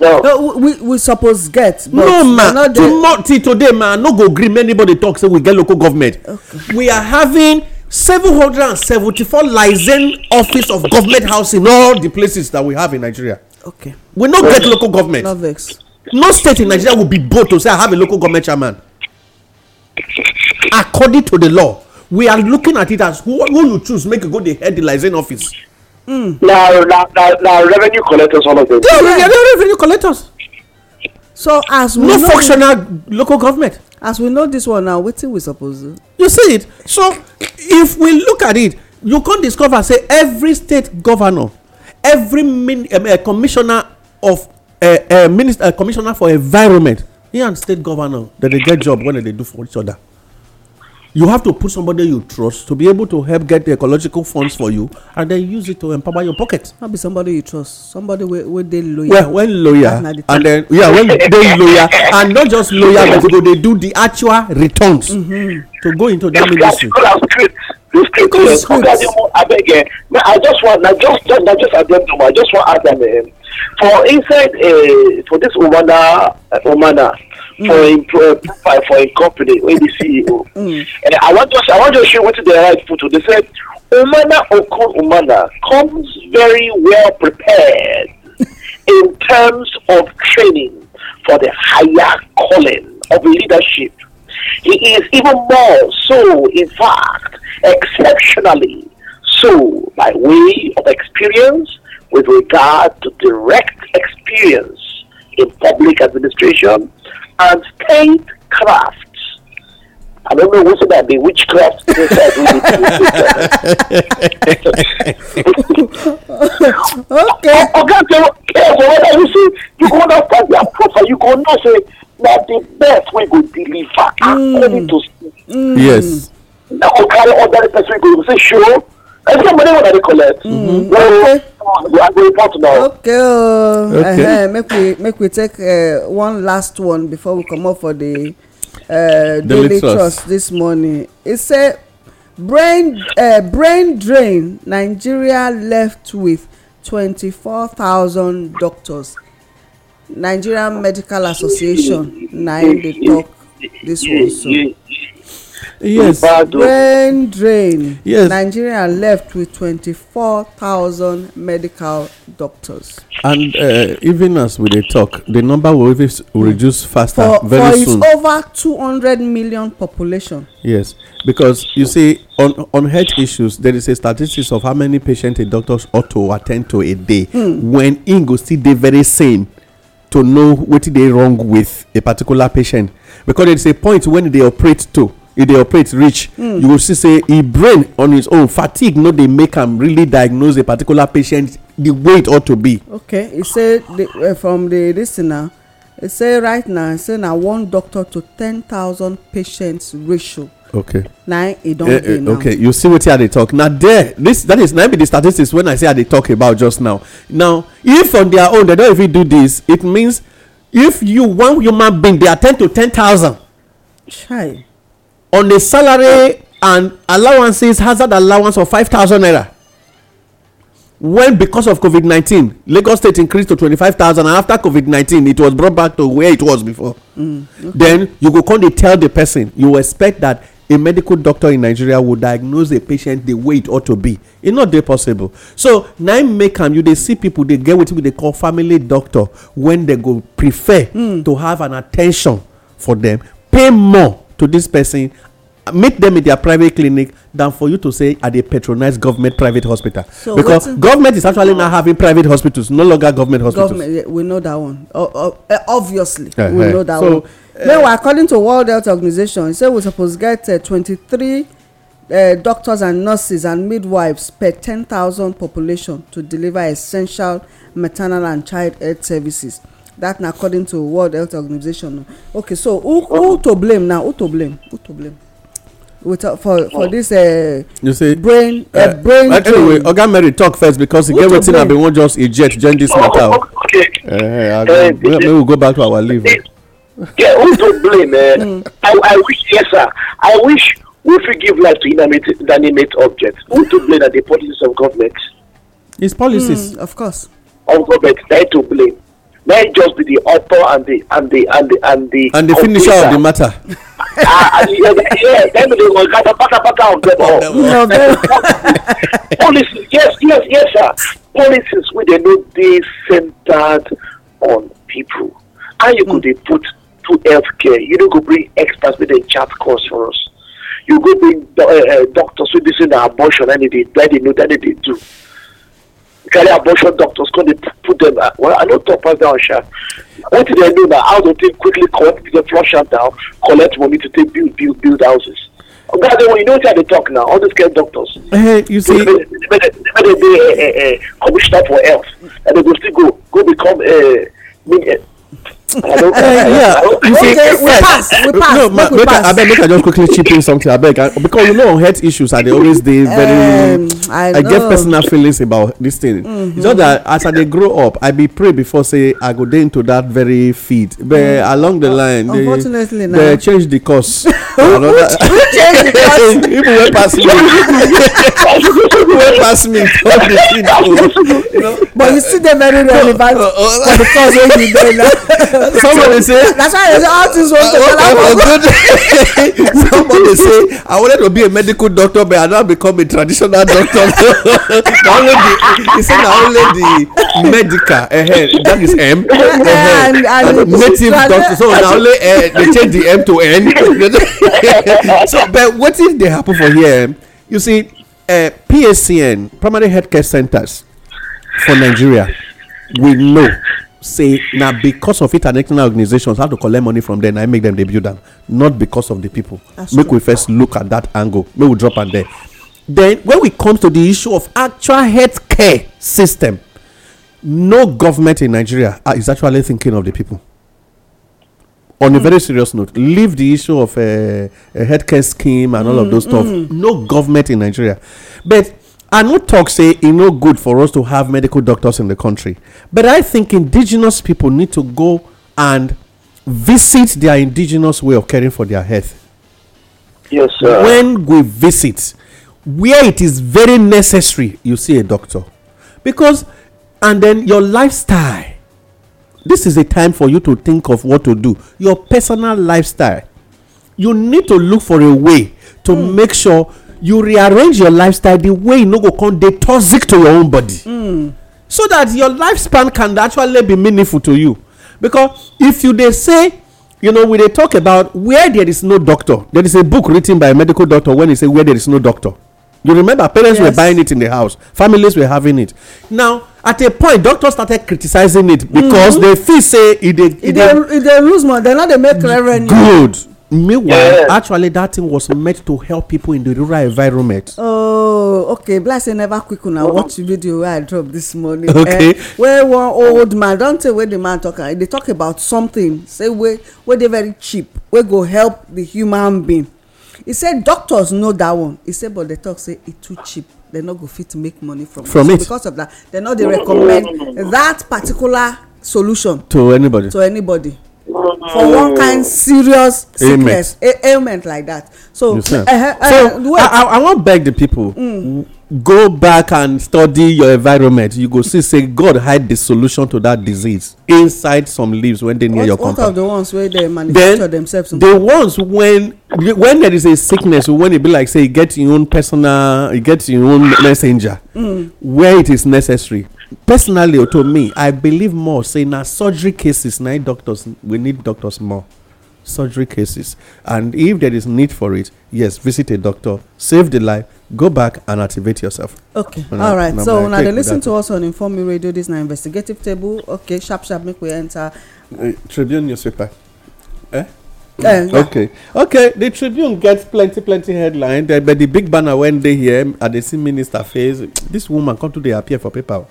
No. no we we suppose get. no ma tomorrow till today ma i no go gree make anybody talk say we get local government. Okay. we are having seven hundred and seventy-four liaison office of government house in all the places that we have in nigeria. okay. we no get local government. no vex no state in nigeria would be bold to say i have a local government chairman according to the law we are looking at it as who, who you choose make you go dey head the liaison office. Mm. na na na revenue collectors all of them. they are yeah. revenue collectors. so as we no know. no functional local government. as we know this one now wetin we suppose do. you see it so if we look at it you come discover say every state governor every min, um, uh, commissioner of minister commissioner for environment he and state governor dem dey get job when dem dey do for each other you have to put somebody you trust to be able to help get the ecological funds for you and then use it to empower your pocket. no be somebody you trust somebody wey wey dey loyal. well when loyal and then yeah when dey lawyer, and not just lawyer, but go dey do the actual returns. Mm -hmm. to go into that ministry this case yes oga adeomu abeg eh na i just wan na just just na just abeg no ma i just wan ask them. eh for inside eh for this omana eh, omana for him mm. eh, profile for him company wey be ceo and i wan just i wan just show wetin they write put o dey say omana okon omana comes very well prepared in terms of training for the higher calling of leadership He is even more so, in fact, exceptionally so, by way of experience with regard to direct experience in public administration and statecraft. I don't know what's about the witchcraft. <laughs> okay. Okay, oh, okay, oh, so whether you see, you go understand their profile, you go know, say, na the best wey go deliver according mm. to mm. yes no go carry ordinary person go say sure i say money wey i dey collect mm-hmm. well i go report now. okay ooo oh. okay. uh -huh. make we make we take uh, one last one before we comot for the uh, daily trust this morning e say brain uh, brain drain nigeria left with twenty-four thousand doctors nigerian medical association na im dey talk this one so yes brain drain yes. nigeria left with twenty four thousand medical doctors and uh, even as we dey talk the number will even reduce faster very soon for its over two hundred million population yes because you see on on health issues there is a statistics of how many patients a doctor ought to attend to a day hmm. when im go still dey very sane to know wetin dey wrong with a particular patient because there is a point when e dey operate to e dey operate reach hmm. you go see say e brain on its own fatigue no dey make am really diagnose a particular patient the way it ought to be okay e say eh, from the listener e say right now e say na one doctor to ten thousand patients ratio okay na e don dey now okay you see wetin i dey talk na there this that is na be the statistics wey i say i dey talk about just now now if on their own they don even do this it means if you one human being dey attend to ten thousand on a salary and allowances hazard allowance of five thousand naira when because of covid nineteen, lagos state increased to twenty five thousand, and after covid nineteen, it was brought back to where it was before mm, then you go come dey tell the person you expect that a medical doctor in nigeria will diagnose a patient the way it ought to be e no dey possible so na im make am you dey see people dey get wetin we dey call family doctor when dem go prefer hmm. to have an attention for dem pay more to this person meet them in their private clinic than for you to say i dey patronized government private hospital because government is actually now having private hospitals no longer government hospitals government we know that one oh, oh, eh, obviously we uh-huh. know that one eh, meanwhile according to world health organization say we suppose get 23 eh, doctors and nurses and midwives per 10000 population to deliver essential maternal and child health services That, na according to world health organization okay so who who uh-huh. to blame now who to blame who to blame we talk uh, for for oh. this uh, you see brain uh, uh, brain uh, anyway oga mary talk first because e get wetin i bin wan just eject join this oh, matter o make eh, eh, we go back to our leave. yeah who to blame eh <laughs> hmm. i i wish yes sir i wish who fit give life to inanimate objects who to blame na the policies of government. his policies. Mm, of course. of government na to blame let it just be the author and the and the and the and the and the finisher of the matter. ah yeah yeah then they go gather pata pata of them no <laughs> policies yes yes yes sir policies wey dey no dey centered on people and you mm. go hmm. put to healthcare you don't go bring experts with dey chat course for us you go bring do uh, uh, doctors with this in na abortion na dey na dey know na dey do carry abortion doctors come dey put them uh, well i no talk pass that one sha wetin dem do na how to take quickly collect the flush am down collect money to take build build build houses oga oh, adewo you know wetin i dey talk now all those care doctors. Uh, you see they make they dey commissioner for health and they go still go go become uh, uh Eh, yeah, you see, okay, we pass, we pass. No, make, make pass. I, make I just quickly chip in something. I beg, because you know, on health issues are they always they <laughs> very. Um, I, I get personal feelings about this thing. Mm-hmm. It's not that as I they grow up, I be pray before say I go into that very feed, but mm. along the uh, line, they, unfortunately, they, they change the course. <laughs> who, who, change the <laughs> course? People will pass me. People will pass me. You know? But you see them very relevant uh, uh, for the course when you know now that's someone dey say that's why i say all ah, things want to uh, collabo <laughs> someone dey say i wanted to be a medical doctor but i now become a traditional doctor <laughs> na only the he say na only the medical uh, that is m <laughs> uh, and, and native doctor so na only uh, they change the m to n so but wetin dey happen for here you see uh, pacn primary healthcare centers for nigeria we know say na because of international organizations how to collect money from dem na make them dey build am not because of di pipo make we first look at that angle make we drop am there then when we come to the issue of actual healthcare system no government in nigeria is actually thinking of the people. on a mm. very serious note leave the issue of uh, a healthcare scheme and all of mm, those stuff mm. no government in nigeria but i no talk say e no good for us to have medical doctors in the country but i think indigenous people need to go and visit their indigenous way of caring for their health yes sir when we visit where it is very necessary you see a doctor because and then your lifestyle this is a time for you to think of what to do your personal lifestyle you need to look for a way to mm. make sure you rearrange your lifestyle the way e no go come dey toxic to your own body so that your lifespan can actually be meaningful to you because if you dey say you know we dey talk about where there is no doctor there is a book written by a medical doctor when he say where there is no doctor you remember parents were buying it in the house families were having it now at a point doctors started criticizing it because mm-hmm. they feel say e, e, e, e dey lose money they no dey make revenue good meanwhile yes. actually that thing was meant to help people in the rural environment. oh okay blessing never quick una watch video wey i drop this morning. <laughs> okay uh, eh, wey one old man don tell wey the man talk am e dey talk about something say wey wey dey very cheap wey go help the human being e say doctors know that one e say but they talk say e too cheap they no go fit make money from, from it so because of that they no dey recommend that particular solution. to anybody to anybody for one oh. kind serious sickness ailment, like that so uh, uh, so eh, wait. i i wan beg the people mm. go back and study your environment you go see say god hide the solution to that disease inside some leaves when they near what, your compound what of the ones wey dey manufacture then, themselves. then the ones when when there is a sickness when e be like say you get your own personal you get your own messenger. Mm. where it is necessary personally to me i believe more say na surgery cases na doctors we need doctors more surgery cases and if there is need for it yes visit a doctor save the life go back and activate yourself okay una, all right so una dey listen to us on inform radio dis na investigative table okay sharp sharp make we enter. Uh, tribune newspaper eh? Uh, yeah. Okay, okay. The Tribune gets plenty, plenty headline, but the big banner when they here, at the see minister face. This woman come to the appear for paper.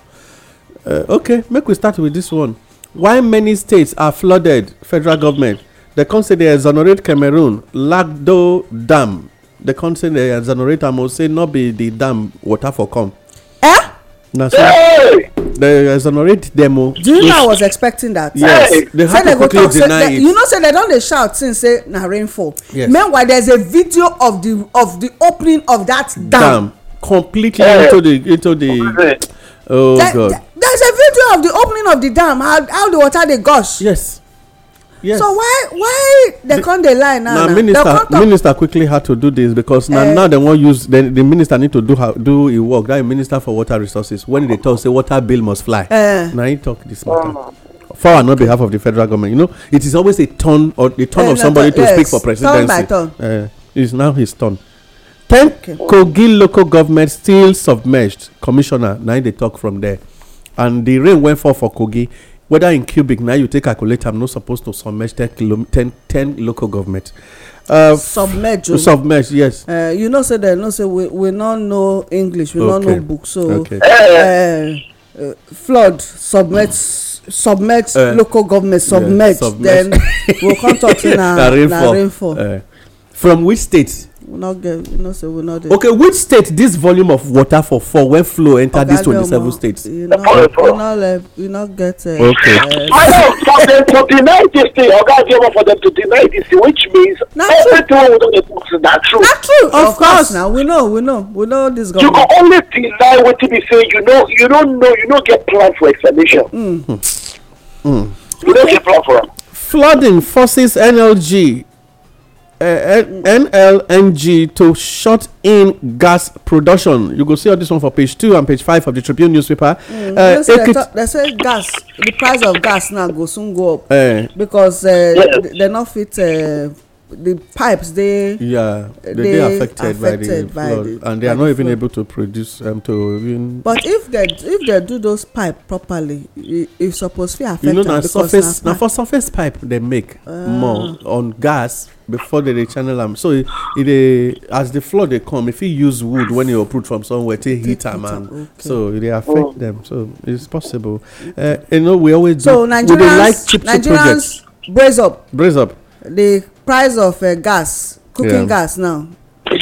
Uh, okay make we start with this one why many states are flooded federal government They come say dey exonerate cameroon lagdo dam They come say dey exonerate am say no be the dam water for come. eh na so They exonerate dem o. do you know i was expecting that. yes they had to quickly deny it. you know say they don dey shout since say na rainfall. yes meanwhile there is a video of the of the opening of that dam. dam completely into the into the oh god there is a video of the opening of the dam how how the water dey gush. yes yes so why why dem come dey lie now na minister minister quickly had to do this because na now dem eh. wan use the minister need to do do e work that minister for water resources when e dey talk say water bill must fly eh. na he talk this matter far and on behalf of the federal government you know it is always a turn or a turn eh, of somebody to speak for presidency turn by turn it is now his turn ten kogi local government still submerged commissioner na him dey talk from there and the rain went fall for kogi whether in cubic now you take calculate am no suppose to submerge ten kilo ten ten local government. Uh, submerge o submerge yes. Uh, you know say dem know say we we no know english we okay. no know book so okay. uh, uh, flood submerge. Mm. submerge uh, local government submerge, yeah, then we'll come talk say <laughs> na na rainfall. Uh, from which state we no get you know say we no dey. okay which state this volume of water for fall when flow enter okay, these twenty-seven states. you no like you no get. Uh, okay. Uh, i know for them to deny this thing oga adeoma for them to deny this thing which means. na true everything wey we don dey talk say na true. na true of, of course, course na we know we know we know this government. you go only deny wetin be say you no you no know you no get plan for explanation. Mm. Mm. you no get plan for am. flooding forces nlg Eh, NLNG to shut in gas production. You go see all this one for page two and page five of the Tribune newspaper. Mm, uh, eh, yes, they, they say gas, the price of gas now go soon go up uh, because uh, yeah. they not fit. Uh, the pipes they yeah they, they affected, affected by the by flood the, and they are not even flood. able to produce um to even. but if they if they do those pipe properly it e suppose fit affect you know, am because surface now for surface pipe they make uh, more on gas before they channel am so e dey as the flood dey come e fit use wood when e uproot from somewhere take heat am and so e dey affect oh. them. so it's possible eh, you know we always do we dey like cheap cheap projects so nigerians Nigerians, braise up braise up the price of eh, gas cooking gas now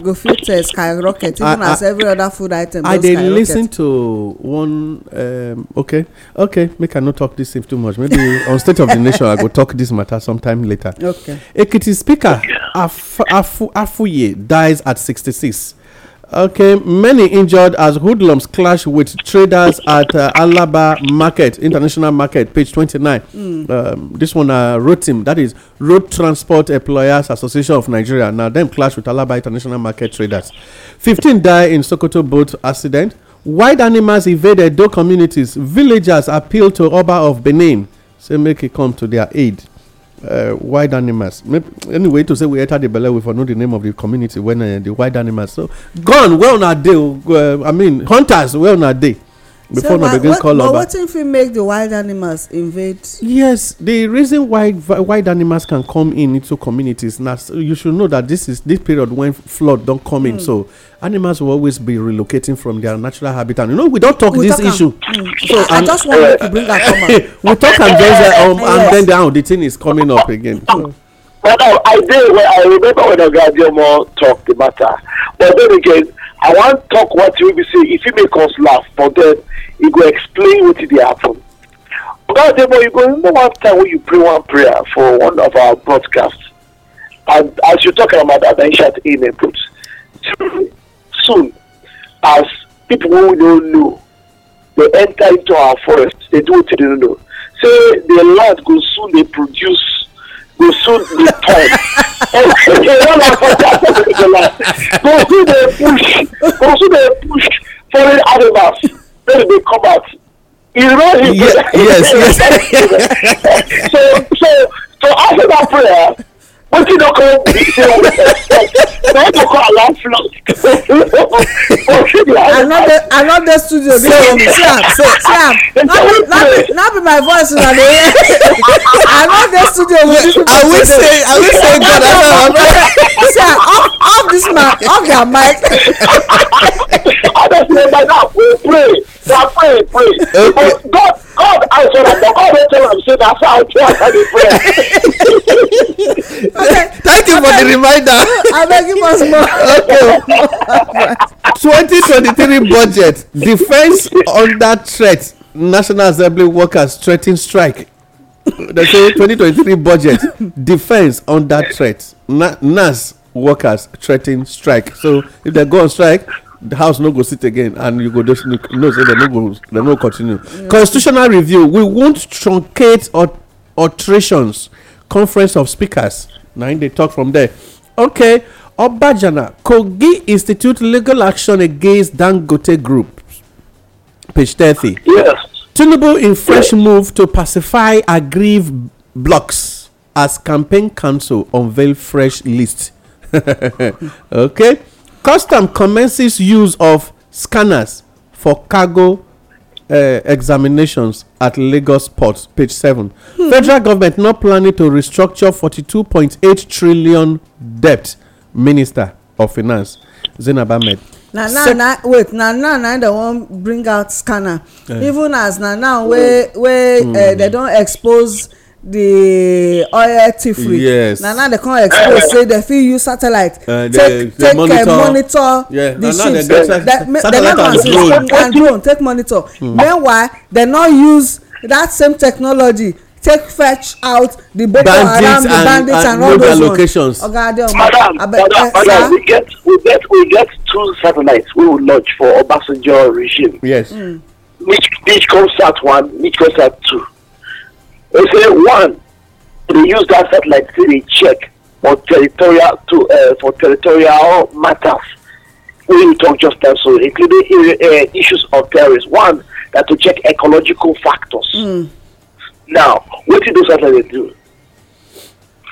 go fit uh, skyrocket even as every other food item i dey listen to one um, okay okay make i no talk this thing too much maybe on state of the nation i go talk this matter sometime later okay ekiti speaker afuye dies at 66 Okay, many injured as hoodlums clash with traders at uh, Alaba Market, International Market, page 29. Mm. Um, this one, uh, ROTIM, that is Road Transport Employers Association of Nigeria. Now, them clash with Alaba International Market traders. 15 die in Sokoto boat accident. Wild animals evade Edo communities. Villagers appeal to Oba of Benin. Say, make it come to their aid uh, wild animals. Anyway, to say we enter the belle, we for know the name of the community when uh, the wild animals. So, gone, well, not day. Uh, I mean, hunters, well, not day before so begin call over. but wetin fit make the wild animals invade. yes the reason why wild animals can come in into communities na you should know that this is this period when flood don come in hmm. so animals will always be relocating from their natural habitat you know we don talk this issue. Hmm. so i just wan make you bring that come out. <laughs> we talk am just um, and then down ah, the thing is coming up again. <laughs> madam i dey well i remember when oga adeomo talk the matter but then again i wan talk what you wey be say if you make us laugh but then you e go explain wetin dey happen oga adebo you go remember one time when you pray one prayer for one of our broadcasts and as you talking about that then shout amen put <clears throat> soon as people who don't know they enter into our forest they do what they don't know say the land go soon they produce go soon be torn. one after the other. Go see the push go see the push for the animals Then they come out. You know him. Yes, <laughs> yes. yes. so so so after that prayer wọ́n ti dọ́kọ̀ wọ́n dọ́kọ̀ àwọn flock. another another studio bi for me am see am ah, ah. na be my voice una dey hear another studio go i will say i will say god i know am. see am ah, off off this mic. off their mic. honestly by now we pray na pray pray okay. but god god answer am but god don tell am say na so i tell am i dey pray. okay thank you for the reminder. abeg give us more. okay twenty twenty three budget defence under threat national assembly workers threa ten strike they say twenty twenty three budget defence under threat Na nas workers threa ten strike so if they go on strike the house no go sit again and you go just know say dem no go dem no continue constitutional review we won't truncate alterations conference of speakers na im dey talk from there okay obajana kogi institute legal action against dangote group page thirty. yes. tinubu in fresh move to pacify aggrieved blocks as campaign council unveil fresh list <laughs> okay Customs commences use of scanners for cargo uh, examinations at Lagos ports. page seven. Hmm. Federal government not planning to restructure forty-two point eight trillion debt, Minister of Finance, Zainab Ahmed. na now na wait na now na dem wan bring out scanner eh. even as na now wey wey dem don expose the oil tifri yes na now dem come expose say dem fit use satellite uh, take take uh, monitor the ships dem have am and drone take monitor hmm. meanwhile dem no use that same technology take fetch out the boko haram the bandits and all those ones oga adeoma madam madam eh, madam we get we get we get two satellites wey we launch for obasanjo regime yes hmm. which which comes out one which comes out two They say one, they use that satellite to really check for territorial to uh, for territorial matters. We talk just now, so including uh, uh, issues of terrorists. One, that to check ecological factors. Mm. Now, what do those satellites do?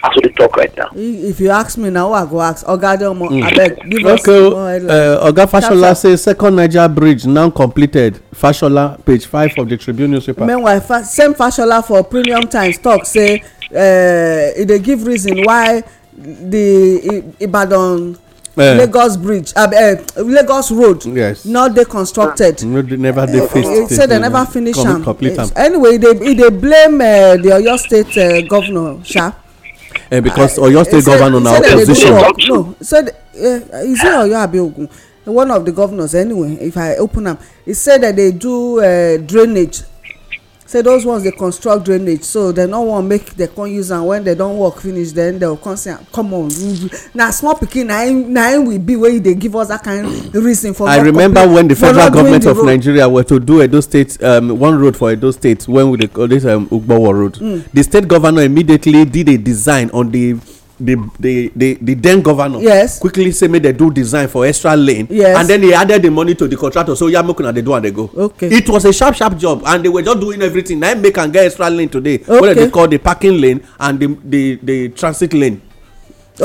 as we dey talk right now. if you ask me now, i go ask oga adeomo mm. abeg give us okay. more headline. Uh, oga fashola say second niger bridge now completed fashola page five of the tribune newspaper. meanwhile fa same fashola for premium times talk say uh, e dey give reason why the ibadan. Uh, lagos bridge uh, uh, lagos road yes. not dey constructed mm. no, they never dey eh, fixed uh, say they never finish am anyway e dey e blame uh, the oyo state uh, governor sha and eh, because oyo state governor na opposition no so you see eh, oyo abeogun one of the governors anyway if i open am e say that they do eh, drainage say those ones dey construct drainage so dem no wan make dem come use am when dem don work finish then dem come say come on na small pikin na im we be wey dey give us that kind reason for. i remember when the federal government of nigeria were to do edo state um, one road for edo state when we dey call this um, ugbowo road. Mm. the state governor immediately did a design on the the the the the then governor. yes quickly say make they do design for extra lane. yes and then he added the money to the contractor so yeah, make una dey do and dey go. okay it was a sharp sharp job and they were just doing everything na im make am get extra lane today. okay wey dem dey call the parking lane and the the the transit lane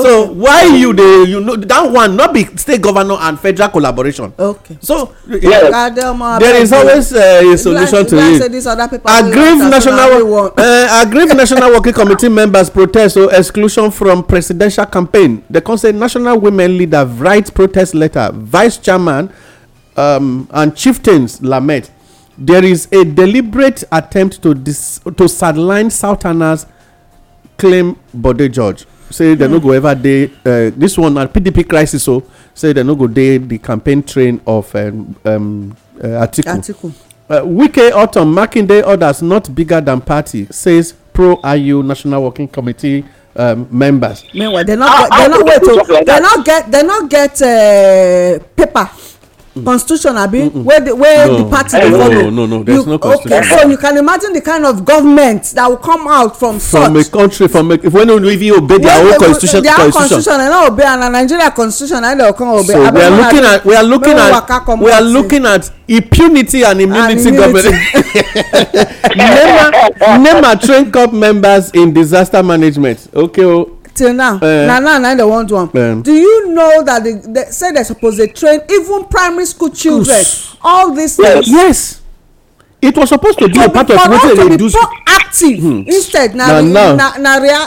so why you dey you know that one not be state governor and federal collaboration okay so eh, there is always eh, a solution to it aggrieved national <laughs> eh, aggrieved national working committee members protest or exclusion from presidential campaign The come national women leader write protest letter vice chairman um, and chieftains lament there is a deliberate attempt to dis to sideline southerners claim body George say dem no go ever dey eh, This one na pdp crisis so say they no go dey the campaign train of eh, um, eh, atiku wike autumn makinde others not bigger than party says pro iu national working committee um, members meanwhile dem no ah, ah, ah, wait get. dem no get paper constitution abi wey the wey the party dey follow no no there is no constitution okay so you can imagine the kind of government that will come out from such from a country from a when we even obey their own constitution their own constitution and not obey and na nigeria constitution na dem come obey so we are looking at we are looking at we are looking at impunity and immunity government nema <laughs> nema train corps members in disaster management okay o oh, till now eh. na now na dem wan do am do you know that they say they suppose dey train even primary school children all these things. yes it was supposed to be a part of wetin dem do. for us instead na na na real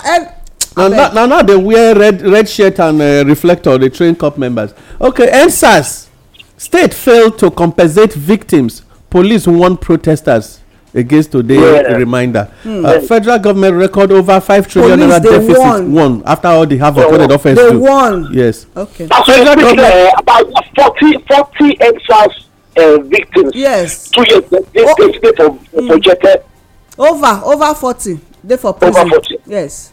na na now dey eh, wear red red shirt and uh, reflector dey train corps members okay nsars state failed to compensate victims police warn protesters against today yeah. reminder. Mm. Uh, federal government record over five trillion naira deficit won. won after all the havoc yeah. wey dem don do. they won yes. okay. that's why we speak uh, about forty forty exiles uh, victims. yes two years dey dey dey for mm. over over forty dey for prison over forty yes.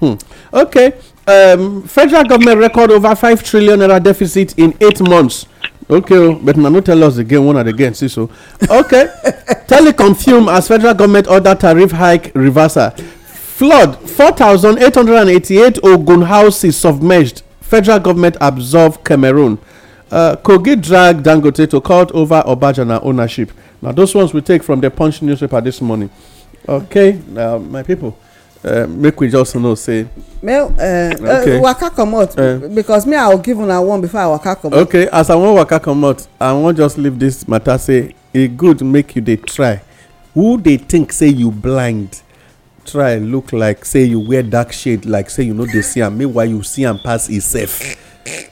Hmm. okay um, federal government record over five trillion naira deficit in eight months okay oh, but na no tell us again one and again see so okay <laughs> telecom fume as federal government order tariff hike reversal flood four thousand eight hundred and eighty-eight ogun houses submerged federal government absorb cameroon uh, kogi drag dangote to court over obajana ownership now those ones we take from the punch newspaper this morning okay uh, my people Eh, make we just know say Me, eh, eh, waka comot because me i go give una one before i waka comot okay as i wan waka comot i wan just leave this matter say e good make you dey try who dey think say you blind try look like say you wear dark shade like say you no dey see am meanwhile you see am pass e sef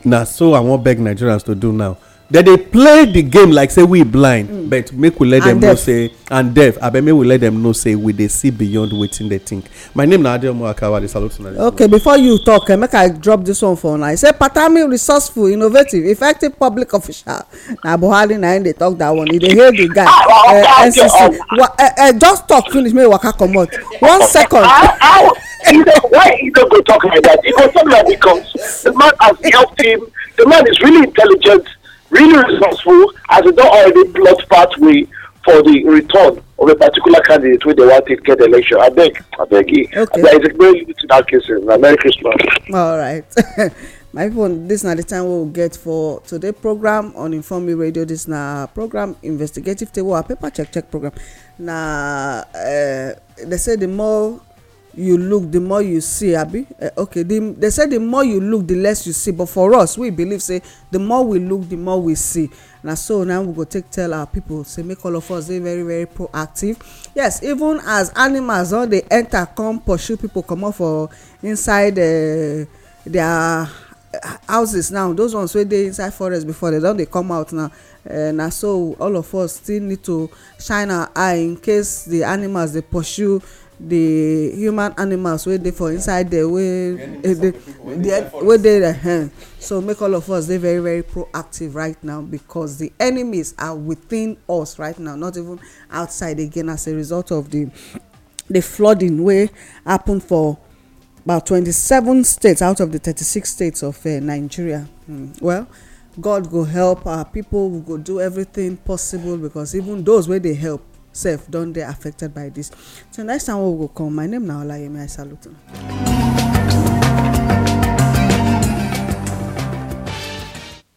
na so i wan beg nigerians to do now dem dey play the game like say we blind mm. but make we let dem know say and deaf abeg make we let them know say we dey see beyond wetin they think my name na adeomu akawa dey salute una. okay before you talk eh, make i drop this one for una e say patami resourceful innovative effective public official na buhari na him dey talk that one e dey hail the guy uh, ah, eh, ncc oh. wa, uh, uh, just talk finish May you waka comot one second. Ah, ah, <laughs> why he don't go talk like that? He go talk like he comes. The man has helped him. The man is really intelligent really responsible as they don't already plot pathway for the return of a particular candidate wey dey wan take get election abeg abeg e there is a great limit to that cases na merry christmas. all right <laughs> my people this na the time we will get for today program on inform me radio this na program investigative table our paper check check program na uh, they say the more you look the more you see abi eh, okay they say the more you look the less you see but for us we believe say the more we look the more we see na so now we go take tell our people say make all of us dey very very proactive yes even as animals don dey enter come pursue people comot for inside eh, their houses now those ones wey dey inside forest before dem don dey come out now eh, na so all of us still need to shine our eye in case the animals dey pursue the human animals wey dey for inside there wey eh, dey there eh. so make all of us dey very very proactive right now because the enemies are within us right now not even outside again as a result of the the flooding wey happen for about twenty seven states out of the thirty six states of eh, nigeria hmm. well god go help our people we go do everything possible because even those wey dey help sef don dey affected by dis till next time wey we go come my name na olayemi aisalutun.